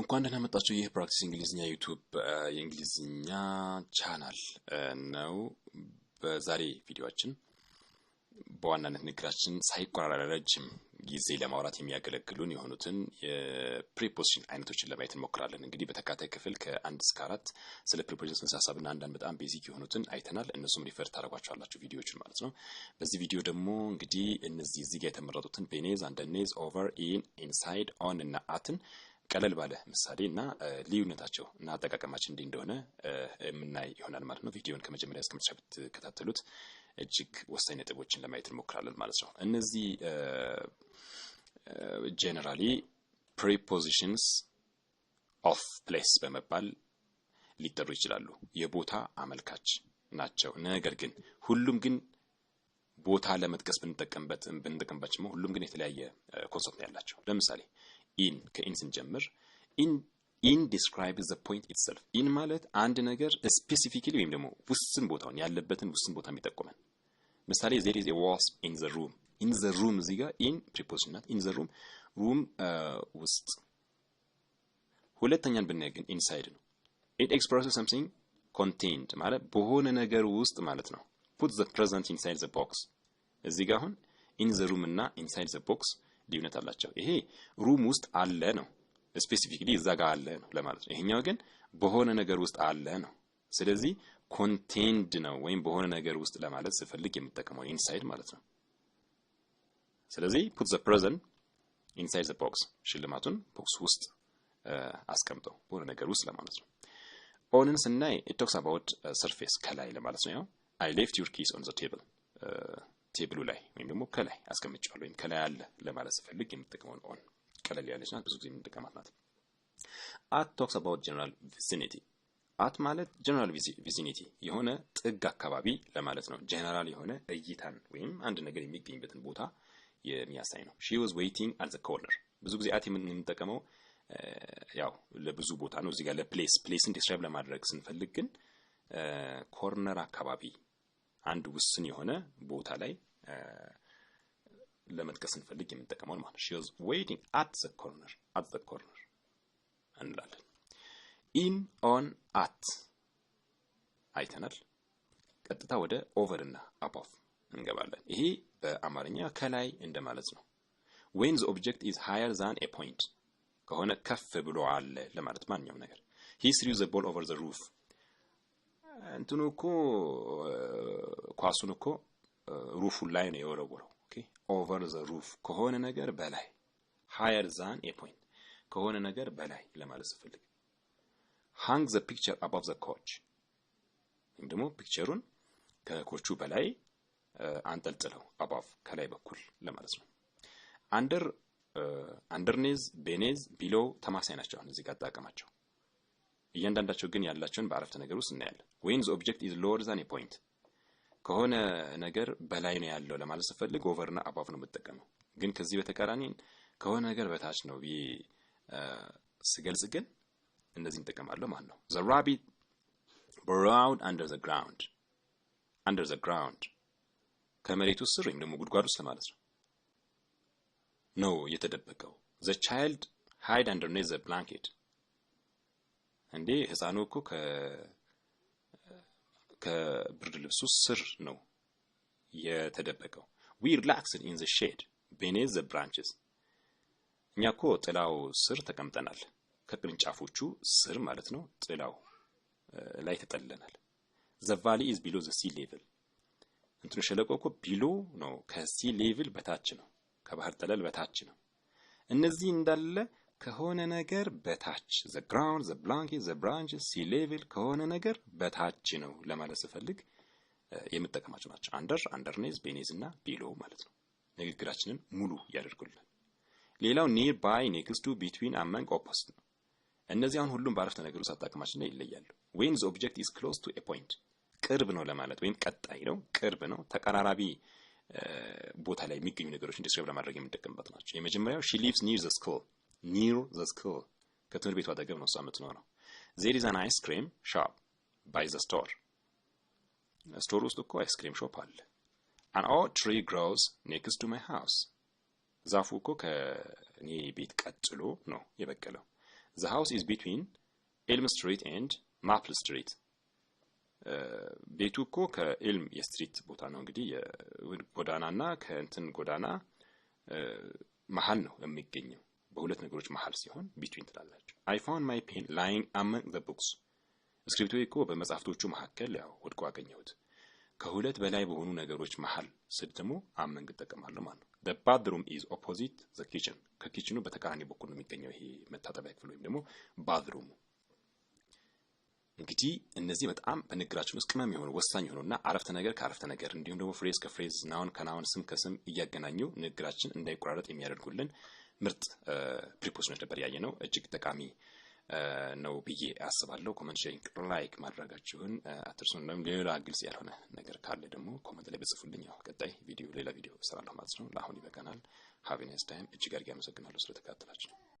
እንኳን ደህና መጣችሁ። ይህ ፕራክቲስ እንግሊዝኛ ዩቱብ የእንግሊዝኛ ቻናል ነው። በዛሬ ቪዲዮችን በዋናነት ንግራችን ሳይቆራረጥ ረጅም ጊዜ ለማውራት የሚያገለግሉን የሆኑትን የፕሪፖዚሽን አይነቶችን ለማየት እንሞክራለን። እንግዲህ በተካታይ ክፍል ከአንድ እስከ አራት ስለ ፕሪፖዚሽን ጽንሰ ሀሳብና አንዳንድ በጣም ቤዚክ የሆኑትን አይተናል። እነሱም ሪፈር ታደርጓቸዋላችሁ ቪዲዮዎችን ማለት ነው። በዚህ ቪዲዮ ደግሞ እንግዲህ እነዚህ እዚህ ጋር የተመረጡትን ቤኔዝ፣ አንደርኔዝ፣ ኦቨር፣ ኢን፣ ኢንሳይድ፣ ኦን እና አትን ቀለል ባለ ምሳሌ እና ልዩነታቸው እና አጠቃቀማችን እንዲህ እንደሆነ የምናይ ይሆናል ማለት ነው። ቪዲዮን ከመጀመሪያ እስከ መጨረሻ ብትከታተሉት እጅግ ወሳኝ ነጥቦችን ለማየት እንሞክራለን ማለት ነው። እነዚህ ጄኔራሊ ፕሪፖዚሽንስ ኦፍ ፕሌስ በመባል ሊጠሩ ይችላሉ። የቦታ አመልካች ናቸው። ነገር ግን ሁሉም ግን ቦታ ለመጥቀስ ብንጠቀምበት ብንጠቀምባቸው ሁሉም ግን የተለያየ ኮንሰፕት ያላቸው ለምሳሌ ኢን ከኢን ስንጀምር ኢን ዲስክራይብ ዘ ፖይንት ኢትሰልፍ ኢን ማለት አንድ ነገር ስፔሲፊካሊ ወይም ደግሞ ውስን ቦታውን ያለበትን ውስን ቦታ የሚጠቁመን። ምሳሌ ዜር ኢዝ ዋስፕ ኢን ዘ ሩም ኢን ዘ ሩም እዚህ ጋር ኢን ፕሪፖዚሽን ናት። ኢን ዘ ሩም ሩም ውስጥ። ሁለተኛን ብናይ ግን ኢንሳይድ ነው። ኢት ኤክስፕረስ ሰምቲንግ ኮንቴንድ ማለት በሆነ ነገር ውስጥ ማለት ነው። ፑት ዘ ፕሬዘንት ኢንሳይድ ዘ ቦክስ። እዚህ ጋር አሁን ኢን ዘ ሩም እና ኢንሳይድ ዘ ቦክስ ልዩነት አላቸው። ይሄ ሩም ውስጥ አለ ነው፣ ስፔሲፊክሊ እዛ ጋር አለ ነው ለማለት ነው። ይሄኛው ግን በሆነ ነገር ውስጥ አለ ነው። ስለዚህ ኮንቴንድ ነው ወይም በሆነ ነገር ውስጥ ለማለት ስፈልግ የምጠቀመው ኢንሳይድ ማለት ነው። ስለዚህ ፑት ዘ ፕሬዘን ኢንሳይድ ዘ ቦክስ፣ ሽልማቱን ቦክስ ውስጥ አስቀምጠው በሆነ ነገር ውስጥ ለማለት ነው። ኦንን ስናይ ኢት ቶክስ አባውት ሰርፌስ ከላይ ለማለት ነው። ያው አይ ሌፍት ዩር ኪስ ኦን ዘ ቴብል ቴብሉ ላይ ወይም ደግሞ ከላይ አስቀምጫለሁ ወይም ከላይ አለ ለማለት ስፈልግ የምጠቀመውን ኦን ቀለል ያለች ናት። ብዙ ጊዜ የምንጠቀማት ናት። አት ቶክስ አባውት ጀነራል ቪዚኒቲ አት ማለት ጀነራል ቪዚኒቲ የሆነ ጥግ አካባቢ ለማለት ነው። ጀነራል የሆነ እይታን ወይም አንድ ነገር የሚገኝበትን ቦታ የሚያሳይ ነው። ሺ ዋዝ ዌይቲንግ አት ዘ ኮርነር። ብዙ ጊዜ አት የምንጠቀመው uh, ያው ለብዙ ቦታ ነው። እዚህ ጋር ለፕሌስ ፕሌስን ዲስክራይብ ለማድረግ ስንፈልግ ግን uh, ኮርነር አካባቢ አንድ ውስን የሆነ ቦታ ላይ ለመጥቀስ ስንፈልግ የምንጠቀመውን ማለት ሺ ዋዝ ዌይቲንግ አት ዘ ኮርነር አት ዘ ኮርነር እንላለን። ኢን ኦን አት አይተናል። ቀጥታ ወደ ኦቨር እና አባቭ እንገባለን። ይሄ በአማርኛ ከላይ እንደማለት ነው። ዌን ዘ ኦብጀክት ኢዝ ሃየር ዛን ኤ ፖይንት ከሆነ ከፍ ብሎ አለ ለማለት ማንኛውም ነገር። ሂ ስሪው ዘ ቦል ኦቨር ዘ ሩፍ እንትኑ እኮ ኳሱን እኮ ሩፉ ላይ ነው የወረወረው። ኦኬ ኦቨር ዘ ሩፍ ከሆነ ነገር በላይ ሃየር ዛን ኤ ፖይንት ከሆነ ነገር በላይ ለማለት ስፈልግ ሃንግ ዘ ፒክቸር አባቭ ዘ ኮች ወይም ደግሞ ፒክቸሩን ከኮቹ በላይ አንጠልጥለው አባቭ ከላይ በኩል ለማለት ነው። አንደር አንደርኔዝ ቤኔዝ ቢሎ ተማሳይ ናቸው። አሁን እዚህ ጋር አጠቃቀማቸው እያንዳንዳቸው ግን ያላቸውን በአረፍተ ነገር ውስጥ እናያለን። ወይን ዘ ኦብጀክት ኢዝ ሎወር ዛን ኤ ፖይንት ከሆነ ነገር በላይ ነው ያለው ለማለት ስፈልግ ኦቨርና አባቭ ነው የምጠቀመው። ግን ከዚህ በተቃራኒ ከሆነ ነገር በታች ነው ብዬ ስገልጽ ግን እነዚህን እጠቀማለሁ ማለት ነው። ዘ ራቢት burrowed አንደር the ground under the ground ከመሬቱ ስር ወይም ደግሞ ጉድጓድ ውስጥ ለማለት ነው ነው የተደበቀው። ዘ ቻይልድ ሃይድ underneath ዘ ብላንኬት እንዴ ህፃኑ እኮ ከብርድ ልብሱ ስር ነው የተደበቀው። ዊ ሪላክስድ ኢን ዘ ሼድ ቤኔዝ ዘ ብራንችስ። እኛ እኮ ጥላው ስር ተቀምጠናል፣ ከቅርንጫፎቹ ስር ማለት ነው። ጥላው ላይ ተጠልለናል። ዘ ቫሊ ኢዝ ቢሎ ዘ ሲ ሌቭል። እንትኑ ሸለቆ እኮ ቢሎ ነው፣ ከሲ ሌቭል በታች ነው፣ ከባህር ጠለል በታች ነው። እነዚህ እንዳለ ከሆነ ነገር በታች ዘ ግራውንድ ዘ ብላንኬት ዘ ብራንች ሲ ሌቭል ከሆነ ነገር በታች ነው ለማለት ስፈልግ የምጠቀማቸው ናቸው። አንደር፣ አንደርኔዝ፣ ቤኔዝ እና ቢሎ ማለት ነው። ንግግራችንን ሙሉ ያደርጉልን። ሌላው ኒር ባይ፣ ኔክስቱ፣ ቢትዊን፣ አመንግ፣ ኦፖስት ነው። እነዚህ አሁን ሁሉም በአረፍተ ነገር ውስጥ አጠቃቀማችን ይለያሉ። ዌን ዘ ኦብጀክት ኢዝ ክሎዝ ቱ ኤ ፖይንት ቅርብ ነው ለማለት ወይም ቀጣይ ነው፣ ቅርብ ነው፣ ተቀራራቢ ቦታ ላይ የሚገኙ ነገሮችን ዲስክራይብ ለማድረግ የምንጠቀምበት ናቸው። የመጀመሪያው ሺ ሊቭስ ኒር ዘ ስኩል ኒር ዘ ስኩል ከትምህርት ቤቱ አጠገብ ነው እሷ የምትኖረው። ዜር ኢዝ አን አይስክሪም ሾፕ ባይ ዘ ስቶር ስቶር ውስጥ እኮ አይስክሪም ሾፕ አለ። አን ኦ ትሪ ግሮውስ ኔክስት ቱ ማይ ሃውስ ዛፉ እኮ ከኔ ቤት ቀጥሎ ነው የበቀለው። ዘ ሃውስ ኢዝ ቢትዊን ኤልም ስትሪት ኤንድ ማፕል ስትሪት ቤቱ እኮ ከኤልም የስትሪት ቦታ ነው እንግዲህ ጎዳናና ከእንትን ጎዳና መሀል ነው የሚገኘው። በሁለት ነገሮች መሀል ሲሆን ቢትዊን ትላላችሁ። አይ ፋውንድ ማይ ፔን ላይንግ አመንግ ዘ ቡክስ። እስክሪፕቶ እኮ በመጽሐፍቶቹ መካከል ያው ወድቆ አገኘሁት። ከሁለት በላይ በሆኑ ነገሮች መሀል ስል ደግሞ አመንግ እጠቀማለሁ ማለት ነው። ዘ ባትሩም ኢዝ ኦፖዚት ዘ ኪችን። ከኪችኑ በተቃራኒ በኩል ነው የሚገኘው ይሄ መታጠቢያ ክፍል ወይም ደግሞ ባዝሩሙ። እንግዲህ እነዚህ በጣም በንግግራችን ውስጥ ቅመም የሆኑ ወሳኝ የሆኑና አረፍተ ነገር ከአረፍተ ነገር እንዲሁም ደግሞ ፍሬዝ ከፍሬዝ ናውን ከናውን ስም ከስም እያገናኙ ንግግራችን እንዳይቆራረጥ የሚያደርጉልን ምርጥ ፕሪፖዚሽኖች ነበር ያየ ነው። እጅግ ጠቃሚ ነው ብዬ አስባለሁ። ኮመንት፣ ሼሪንግ፣ ላይክ ማድረጋችሁን አትርሱ። እንደውም ሌላ ግልጽ ያልሆነ ነገር ካለ ደግሞ ኮመንት ላይ በጽፉልኝ። ያው ቀጣይ ቪዲዮ ሌላ ቪዲዮ እሰራለሁ ማለት ነው። ለአሁን ይበቃናል። ሀቪነስ ታይም። እጅግ አድርጌ አመሰግናለሁ ስለተከታተላችሁ።